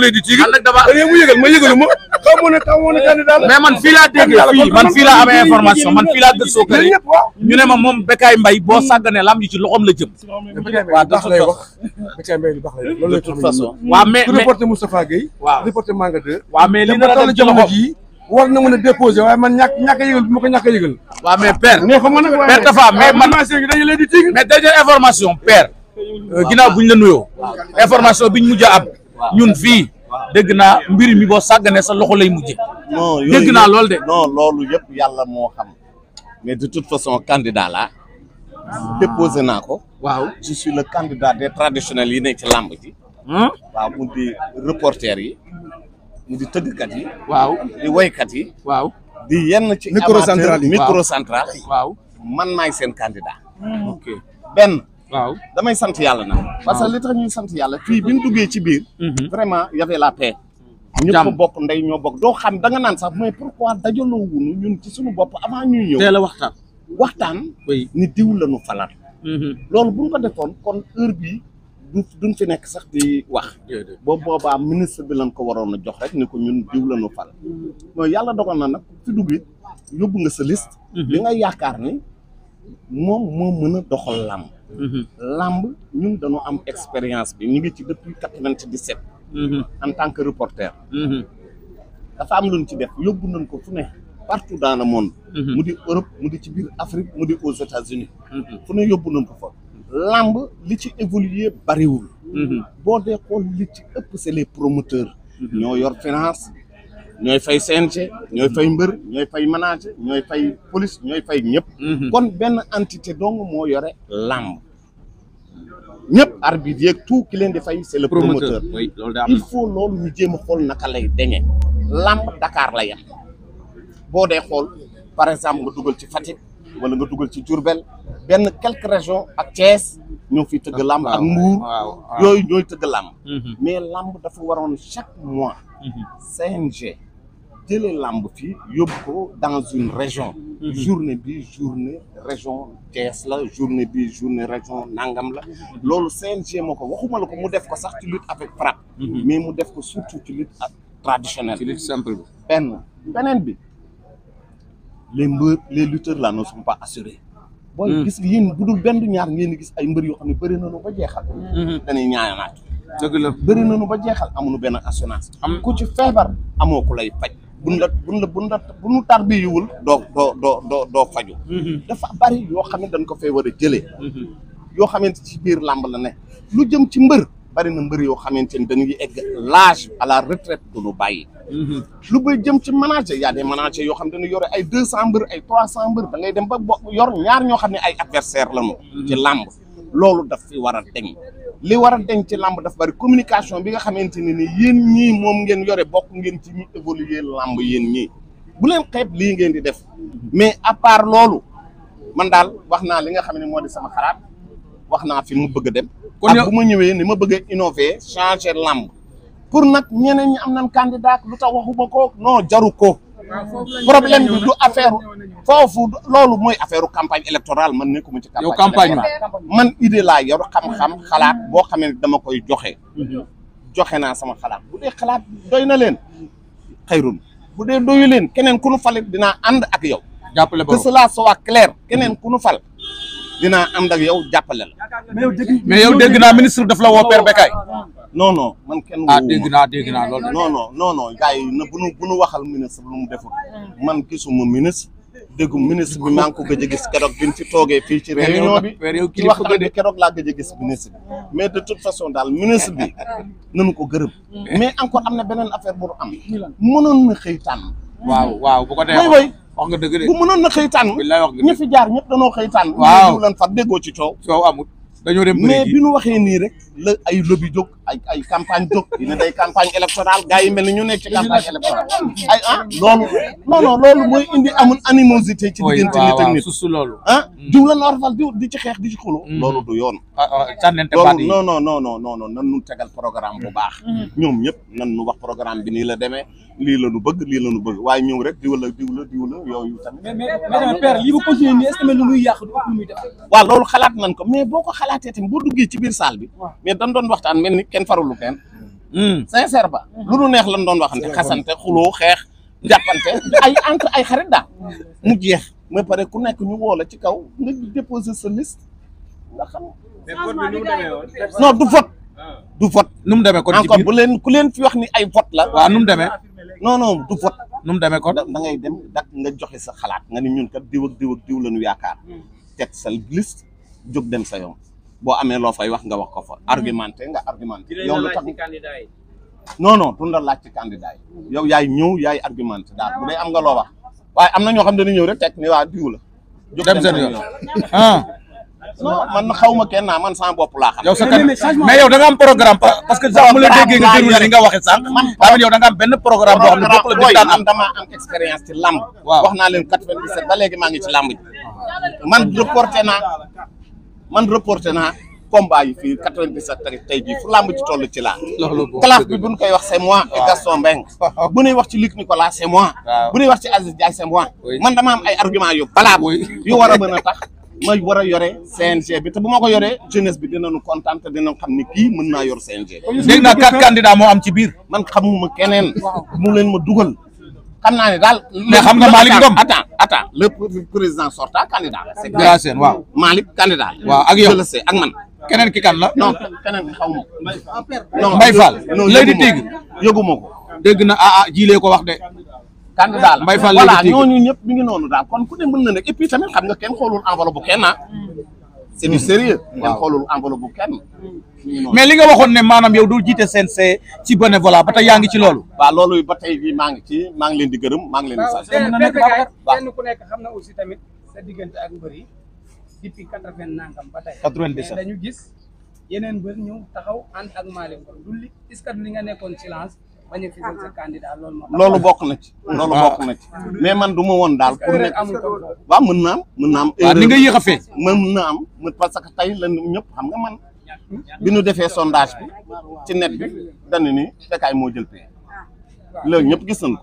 lay di ci dañu mu yëgal ma yëgalu ma xamu ne taw woon candidat mais man fii laa dégg fii man fii laa amee information man fii laa gëstoo kër ñu ne ma moom Bécaye Mbaye boo sàggane lam yi ci loxoom la jëm waaw dax lay wax Bécaye Mbaye lu baax lay loolu lay toute façon waaw mais reporter Moustapha Gueye waaw reporter Manga 2 waaw mais li dara la jamono ji war na mën a déposer waaye man ñàkk ñàkk a yëgal bu ma ko ñàkk a yëgal waaw mais père nee ko man nag père Tafa mais man dañu lay di tig mais dernière information père eh, ginnaaw buñ la nuyoo information biñ mujj a am ñun fii dégg naa mbir mi boo sàgganee sa loxo lay mujje dégg naa loolu de non loolu yëpp yàlla moo xam mais de toute façon candidat la déposé naa ko waaw je suis le candidat des traditionnels yi nekk ci làmb ji hmm? waaw mu di reporter yi mu di tëggkat yi waaw di woykat yi waaw di yenn ci microcentral microcentral waaw man maay seen candidat benn waaw damay sant yàlla nag. parce que li tax ñuy sant yàlla fii bi ñu duggee ci biir. Mhm. vraiment y la la ñu ñëpp bokk ndey ñoo bokk doo xam da nga naan sax mais pourquoi dajaloo wuñu ñun ci suñu bopp avant ñuy ñëw. teel a waxtaan. waxtaan. ni diw la ñu mhm. loolu bu ñu ko defoon kon heure bii du duñ fi nekk sax di wax. boobu boobaa ministre bi lan ko waroon a jox rek ni ko ñun diw la ñu fal. mooy yàlla dogal na nag fi dugg yóbbu nga sa liste. li mhm. nga yaakaar ni moom moo mën a doxal Mm-hmm. làmb ñun dañoo am expérience bi ñu ngi ci depuis quatre-vingt-dix-sept mm-hmm. en tant que reporter mm-hmm. dafa am loonu ci def yóbbu nañ ko fu ne partout dans le monde mu di Europe mu di ci biir Afrique mu di aux États-Unis fu ne yóbbu nañ ko fa làmb li ci évoluer bariwul boo dee xool li ci ëpp c'est les promoteurs ñoo yor finance ñoy fay CNG ñoy fay mbeur ñoy fay manager ñoy fay police ñoy fay ñëpp. Mhm. kon ben entité dong mo yoré làmb. ñëpp arbitre yeeg tout ki leen di fay c'est le promoteur. il faut lool ñu jëm xol naka lay deñee làmb Dakar la yem bo dé xol par exemple nga duggal ci fatik wala nga duggal ci Diourbel ben quelques régions ak Thiès ñoo fi teug lamb ak ah, Mbour yoy ñoy teug lamb mais lamb dafa waroon chaque mois mhm. CNG Télé làmb fii ko dans une région. Mhm. journée bi journée région Thiès la journée bi journée région Nangam la lolou CNG moo waxuma lako mu def ko sax ci lutte avec frappe. Mhm. mais mu def ko surtout ci lutte traditionnelle. ci lutte simple Ben benen bi les mbër les lutteurs là ne sont pas assurés. booy mhm. gis yéen budul ben benn ñaar ngeen gis ay mbër yo xamni ne bëri nañu ba jeexal. dañuy ñaanaat. dëgg la bëri nañu ba jeexal amuñu ben assurance. am ku ci feebar amoo lay faj. buñ la buñ la buñ la buñu tarbiyewul doo doo doo doo doo faju mm-hmm. dafa bari yoo xam ne dañ ko fay war a jëlee mm-hmm. yoo xamante ci biir làmb la ne lu jëm ci mbër bari na mbër yoo xamante ni dañuy egg l'âge à la retraite du ñu bàyyi mm-hmm. lu bay jëm ci manager y a des managers yoo xam ne dañu yore ay deux cent ay trois cent mbër da ngay dem ba yor ñaar ñoo xam ne ay adversaire lañu ci làmb loolu daf fi war a deñ li war a denc ci làmb dafa bari communication bi nga xamante ne ni yéen ñii moom ngeen yore bokk ngeen ci ñu évoluer làmb yéen ñii bu leen xeeb lii ngeen di def mais à part loolu man daal wax naa li nga xam ne moo di sama xalaat wax naa fi mu bëgg a dem. kon bu ma ñëwee ni ma bëgg a innover changer làmb pour nag ñeneen ñi am nañ candidat lu tax waxuma ko non jaru ko. problème bi du affaire foofu loolu mooy affaire campagne électorale man nekkuma ci campagne man idée laa yor xam-xam xalaat boo xamee ne dama koy joxe mhm. joxe naa sama xalaat bu dee xalaat doy na leen xayrun bu dee doyu leen keneen ku nu falit dinaa ànd ak yow jàppale que cela soit clair keneen ku nu fal dinaa ànd ak yow jàppale la. mais yow dégg naa ministre daf la woo Père Bécaye. non non man kenn. ah dégg naa dégg naa loolu. non non non non gars yi na bu nu bu nu waxal ministre lu mu deful man gisuma ministre. dégg ministre bi maa ngi ko gëj a gis keroog bi ñu fi toogee fii ci réunion bi ci waxtaan bi keroog laa gëj a gis ministre bi mais de toute façon daal ministre bi nañu ko gërëm mm. mais encore am na beneen affaire bu am mënoon na xëy tànn waaw waaw bu wax nga dëgg de mënoon na xëy tànn ñi fi jaar ñëpp danoo xëy tànn waaw lan fat déggoo ci coow coow amul dañoo dem mais bi ñu waxee nii rek la ay lobby jóg ay ay campagne jóg dina day campagne électorale gars yi mel ni ñu nekk ci campagne électorale ay ah loolu non non loolu mooy indi amul animosité ci diggante nit ak nit susu loolu ah diw hmm. la normal diw di ci xeex di ci xuloo hmm. loolu du yoon ah, ah, loolu non non non non non non nan nu tegal programme bu hmm. baax ñoom ñëpp nan nu wax programme bi nii la demee lii la nu bëgg lii la nu bëgg waaye ñëw rek diw la diw la diw la yooyu tamit mais mais père lii bu continuer nii est-ce que mel ni luy yàq du ëpp lu muy def waaw loolu xalaat nañ ko mais boo ko xalaatee tamit boo duggee ci biir salle bi mais dañ doon waxtaan mel ni kenn farulu kenn hmm. sincère ba hmm. lu nu neex lan doon waxante xasante xulo xeex jàppante ay entre ay xarit daal hmm. mu jeex mais pare ku nekk ñu woo la ci kaw nga sa liste nga xam non du vote ah. du fot nu mu demee kon encore bu leen ku leen fi wax ni ay vote la waaw nu mu demee non du vote nu mu demee kon da ngay dem dak nga joxe sa xalaat nga ni ñun kat diw ak diw ak yaakaar teg sa liste jóg dem sa yoon boo amee loo fay wax nga wax ko fa. Mhm. argumenté nga argumenté. yow lu tax non non la laaj ci candidat yi. Mhm. yow yaay ñëw yaay argumenté daal bu dee am nga loo wax ah, waaye am na ñoo xam ne dañu ñëw rek teg ni waa diw la. dem seen yoon ah. non man xaw ma naa man sans bopp laa xam. yow sa kan mais yow da nga am programme parce que sax mu la déggee nga déglu li nga waxee sànq. man xam da nga am benn la di wax naa leen 97 ba léegi maa ngi ci lamb ji. man reporté naa. man reporté naa combat yu fii 97 tey jii fu làmb ci toll ci laa. classe bi bu ñu koy wax c'est moi. et Gaston Mbengue. wax ci Luc Nicolas c'est man dama am ay argument yu balaa yu war a mën a tax. ma war a yore CNG bi te bu ma ko yoree jeunesse bi dinañu kontaan te dinañ xam ni kii mën naa yor se dégg naa quatre candidats moo am ci biir. man xamuma keneen. mu leen ma dugal. xam naa ne daal. xam na Malick Ngom attends attends le président sortant candidat la. Bira Sène waaw Malick candidat la. waaw ak yow ak man. keneen ki kan la. non keneen xaw ma ko. Mbaye Fall. non Lady Tigre yëgu ma dégg na ah ah ko wax de. candidat la Mbaye Fall Lady Tigre voilà ñooñu ñëpp mi ngi noonu daal kon ku ne mën na nekk et puis tamit xam nga kenn xoolul enveloppe bu kenn ah. Mm. c'est du sérieux dem xoolul enveloppe bu kenn mais li nga waxoon ne maanaam yow doo jiite CNC ci bénévolat ba tey yaa ngi ci loolu waaw loolu ba tey bii maa ngi ci maa ngi leen di gërëm maa ngi leen di sant kenn ku nekk xam na aussi tamit sa diggante ak mbër yi depuis quatre-vingt nangam ba tey quatre-vingt-dix-sept dañu gis yeneen mbër ñëw taxaw ànd ak li nga nekkoon silence loolu bokk na ci. loolu bokk na ci mais man du ma woon daal pour nekk waaw mën naa mën naa am. erreur ni nga yéex a fee. mën naa am parce que tey la ñëpp xam nga man bi nu defee sondage bi ci net bi dañu ni Bécaye moo jël paie ah. loolu ñëpp gis nañ ko.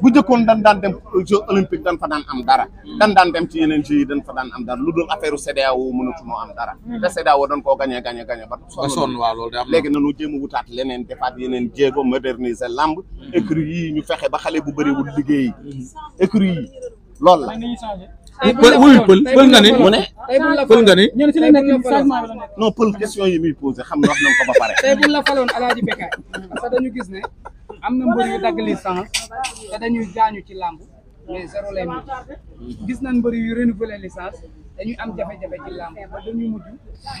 bu njëkkoon dan daan dem jeux dan fa daan am dara dan daan dem ci yeneen ci yi dan fa daan am dara lu dul affaire u CEDEAO mënatunoo am dara hmm. te CEDEAO dan koo gañee gañee gañee ba sonn waaw loolu de am léegi nanu jéem a wutaat defaat yeneen jéego moderniser lamb hmm. écurie yi ñu fexe ba xale bu bëriwul hmm. liggéey écurie yi loolu la eh, wuyu pël pël nga ni mu ne pël nga yi muy posé xam ne wax nañ ko ba pare gis ne amna na yu dag licence da dañuy gaañu ci lamb mais zéro lay mujj gis nañ mbër yu renouveler licence dañuy am jafé jafé ci lamb ba dañuy mujj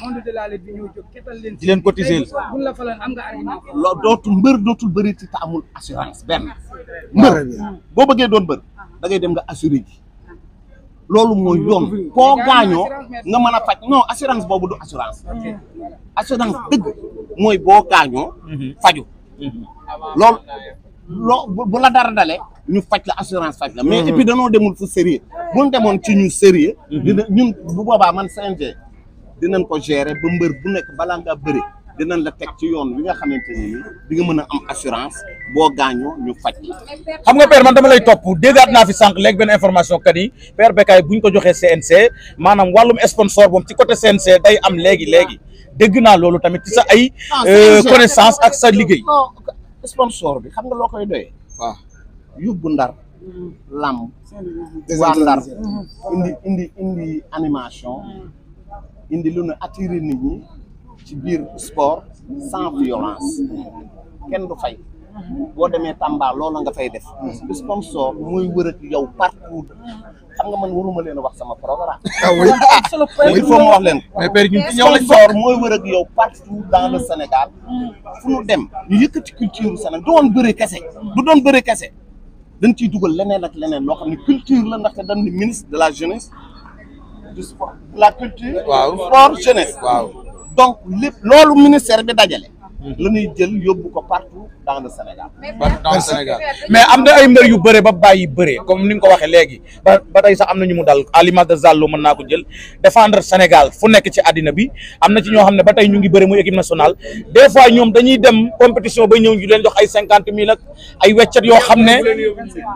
monde de la lettre bi ñoo jox kettal leen. di leen cotiser bu la falan am nga argument. dootul mbeur dootul bëri ci te amul assurance ben. mbeur bo bëggee doon mbeur da ngay dem nga assurer ji. lolu mo yoon ko gaño nga mën a non assurance bobu du assurance. assurance deug moy bo gaño mhm. faju lool loo bu la dara dalee ñu faj la assurance faj la mais et puis danoo demul fu sérieux buñ demoon ci ñu sérieux dina ñun bu boobaa man CNG dinañ ko gérer ba mbër bu nekk balaa ngaa bëri dinañ la teg ci yoon bi nga xamante ne nii di nga mën a am assurance boo gaañoo ñu faj xam nga père man dama lay topp déggaat naa fi sànq léegi benn information kat yi père Bécaye ko joxee CNG maanaam wàllum sponsor boom ci côté CNG day am léegi léegi dégg naa loolu tamit ci sa ay ah, euh, connaissance ak sa liggéey sponsor bi xam nga loo koy doyee waaw yóbbu ndar làmb waa ndar mm-hmm. indi indi indi animation mm-hmm. indi lu nu attiré nit ñi ci biir sport sans violence kenn du fay boo demee Tamba a nga fay def sponsor mooy wër ak yow partout xam nga man waruma leen wax sama programme ah oui il faut ma wax leen mais père ñun sponsor mooy wër ak yow partout dans le Sénégal fu nu dem ñu yëkkati culture Sénégal du doon bëre kese du doon bëre kese dañ ciy dugal leneen ak leneen loo xam ne culture la ndaxte dañ ni ministre de la jeunesse du sport la culture waaw sport jeunesse waaw donc lépp loolu ministère bi dajale lañuy jël yóbbu ko partout dans le Sénégal. partout dans le Sénégal mais am na ay mbër yu bëre ba bàyyi bëre comme ni nga ko waxee léegi ba ba tey sax am na ñu mu dal à l'image de Zallo mën naa ko jël défendre Sénégal fu nekk ci àddina bi am na ci ñoo xam ba tey ñu ngi bëre muy équipe nationale des fois ñoom dañuy dem compétition ba ñëw ñu leen jox ay cinquante mille ak ay weccet yoo xam ne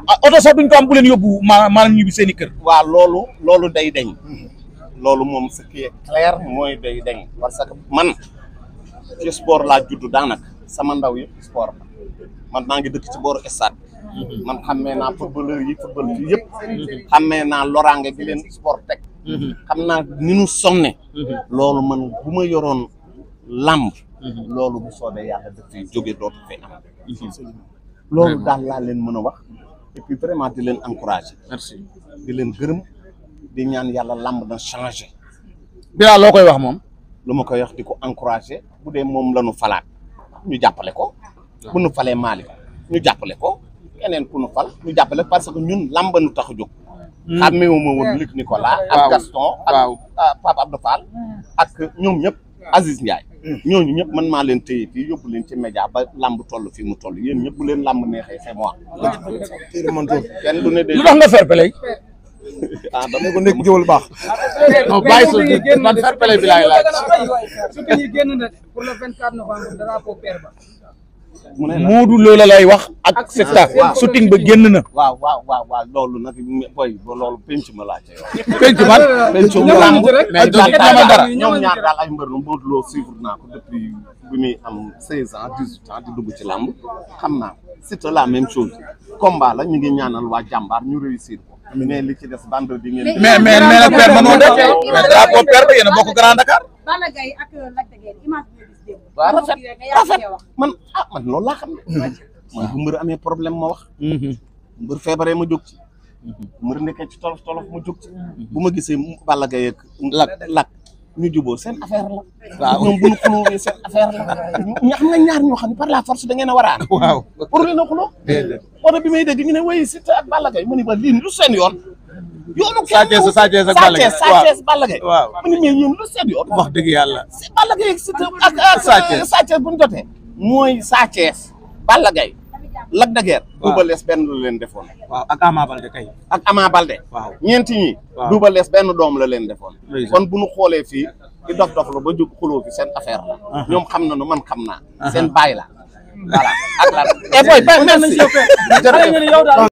ah, oto sax duñ ko am bu leen yóbbu maanaam ñibbi seen i kër. waaw loolu loolu day deñ loolu moom ce qui est clair mooy day deñ parce que man. ci sport laa judd daanaka sama ndaw yëpp sport man naa ngi dëkk ci booru stade mhm. man xammee naa footballeur yi football yi yëpp xammee naa loraange di leen sport teg mhm. xam naa ni nu sonne mhm. loolu man bu ma yoroon làmb loolu bu soobee yàlla dëkk jóge dootu fay am loolu daal laa leen mën a wax et vraiment di leen encourager di leen gërëm di ñaan yàlla lamb na changé bi laa loo koy wax moom luma koy wax di ko encouragé bu dee moom la nu ñu jàppale ko ah. bu ñu falé Malick ñu jàppale ko keneen ku ñu fal ñu jàppale parce que ñun làmba nu juk xamé hmm. wu xàmmeewuma woon hmm. Luc Nicolas ak Gaston ak ah, papa Abdou Fall hmm. ak ñom ñep Aziz Ndiaye ñooñu ñep man ma leen teyé fi yóbbu leen ci média ba làmb tollu fi mu tollu yeen ñep bu leen lamb neexee c'est moi ah. lu tax nga fair play ah dama ko nekk jëwal baax. non bi laay laaj. surtout ñi génn na pour la Moodu loola wax ak. secta shooting ba génn na. waaw loolu nag booy loolu penc ma laaj. penc man dara ñoom ñaar daal ay mbër la Moodu loo suivre naa ko depuis bi am 16 ans 18 ans di dugg ci làmb xam naa c'est la même chose combat la ñu ngi ñaanal waa jàmbaar ñu réussir mais li ci des vendredi ngeen. mais mais mais mais drapeau père ba yéen a bokk Grand Dakar. Balla euh, man ah man loolu laa xam ne. man bu problème ma wax. Mhm. mbër feebaree ma jóg ci. Mhm. mbër nekkee ci ma jóg ci. Mhm. bu ma gisee Balla Gaye ak ñu juboo seen affaire la. waaw ñoom bu ñu xulóowee seen affaire la. ñu xam nga ñaar ñoo xam ne par la force da ngeen a war a. waaw pour leen a xulóo. déedéet bi may dégg ñu ne wey Siteu ak Balla Gaye mu ne ma lii lu seen yoon. yoonu kenn ku Sa Thiès ak Balla Gaye Sa Thiès Balla Gaye. waaw mu ne mais ñoom lu seen yoon. wax dëgg yàlla. si Balla Gaye ak Siteu ak ak euh, Sa Thiès bu ñu jotee. mooy Sa Thiès Balla Gaye Lac de Guiers. waaw Double Less benn la leen defoon. waaw ak Ama Balde kay. ak Ama Balde. waaw benn doom la leen defoon. kon bu ñu xoolee fii di dox dox la ba jub xuloo fi seen affaire la. ñoom xam nañu man xam naa. seen baay la. voilà ak lan. et eh, booy merci